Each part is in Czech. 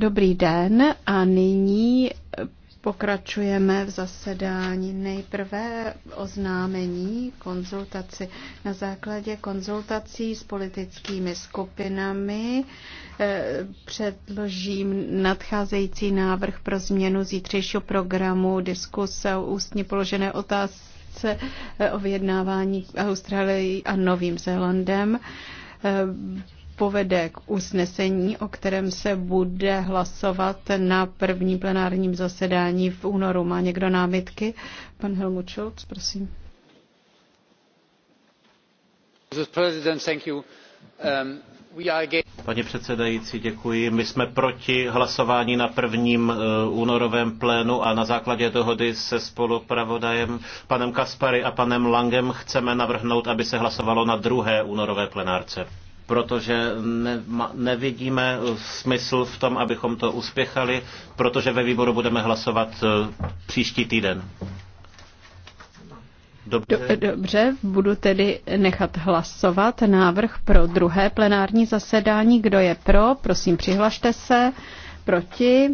Dobrý den a nyní pokračujeme v zasedání. Nejprve oznámení konzultaci. Na základě konzultací s politickými skupinami eh, předložím nadcházející návrh pro změnu zítřejšího programu diskuse o ústně položené otázce eh, o vyjednávání Austrálie a Novým Zélandem eh, povede k usnesení, o kterém se bude hlasovat na první plenárním zasedání v únoru. Má někdo námitky? Pan Helmut Schulz, prosím. Um, Pane předsedající, děkuji. My jsme proti hlasování na prvním uh, únorovém plénu a na základě dohody se spolupravodajem panem Kaspary a panem Langem chceme navrhnout, aby se hlasovalo na druhé únorové plenárce protože ne, nevidíme smysl v tom, abychom to uspěchali, protože ve výboru budeme hlasovat eh, příští týden. Dobře. Dobře, budu tedy nechat hlasovat návrh pro druhé plenární zasedání. Kdo je pro, prosím přihlašte se. Proti?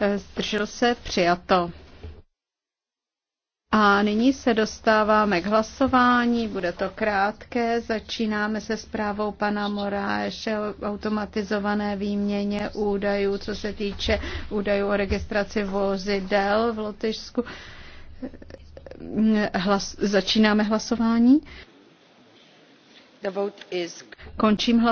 Eh, zdržel se, přijato. A nyní se dostáváme k hlasování, bude to krátké. Začínáme se zprávou pana Moráše o automatizované výměně údajů, co se týče údajů o registraci vozidel v Lotyšsku. Hlas, začínáme hlasování. Končím hlasování.